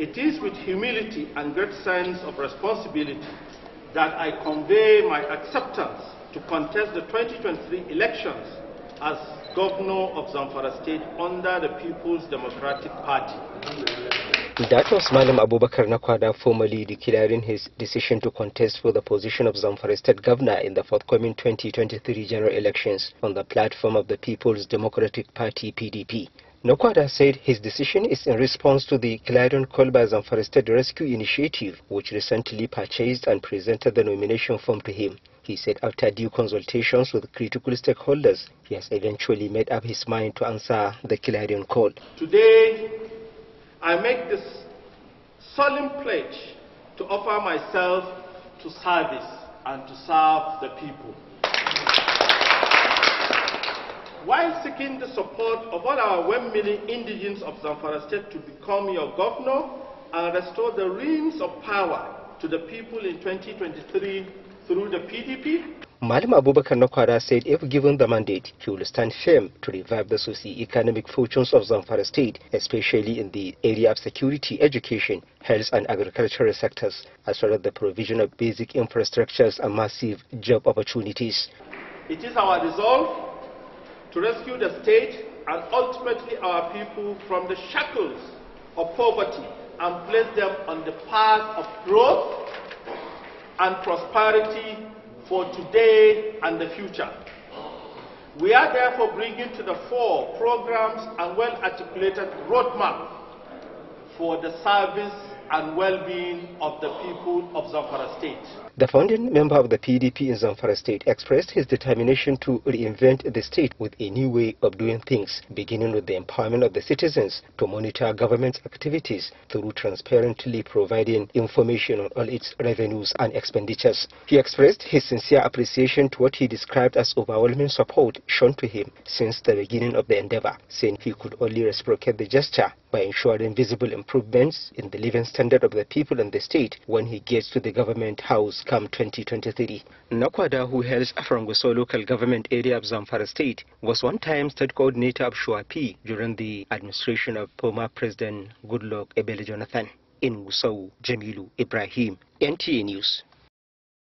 It is with humility and great sense of responsibility that I convey my acceptance to contest the 2023 elections as governor of Zamfara State under the People's Democratic Party. That was Malam Abubakar Nakwada formally declaring his decision to contest for the position of Zamfara State Governor in the forthcoming 2023 general elections on the platform of the People's Democratic Party PDP. Nokwada said his decision is in response to the Caledon Colbas and Forested Rescue Initiative, which recently purchased and presented the nomination form to him. He said after due consultations with critical stakeholders, he has eventually made up his mind to answer the Caledon call. Today, I make this solemn pledge to offer myself to service and to serve the people while seeking the support of all our 1 million indigenous of Zamfara State to become your governor and restore the reins of power to the people in 2023 through the PDP, Malim Abubakar Nokwara said if given the mandate, he will stand firm to revive the socio-economic fortunes of Zamfara state, especially in the area of security, education, health and agricultural sectors, as well as the provision of basic infrastructures and massive job opportunities. It is our resolve to rescue the state and ultimately our people from the shackles of poverty and place them on the path of growth and prosperity for today and the future. We are therefore bringing to the fore programs and well-articulated roadmap for the service and well-being of the people of Zamfara State. The founding member of the PDP in Zamfara State expressed his determination to reinvent the state with a new way of doing things, beginning with the empowerment of the citizens to monitor government activities through transparently providing information on all its revenues and expenditures. He expressed his sincere appreciation to what he described as overwhelming support shown to him since the beginning of the endeavor, saying he could only reciprocate the gesture by ensuring visible improvements in the living standard of the people in the state when he gets to the government house come 2023. Nakwada, who hails from local government area of Zamfara state, was one time state coordinator of Shuapi during the administration of former President Goodluck Ebele Jonathan. In Gusau, Jamilu Ibrahim, NTA News.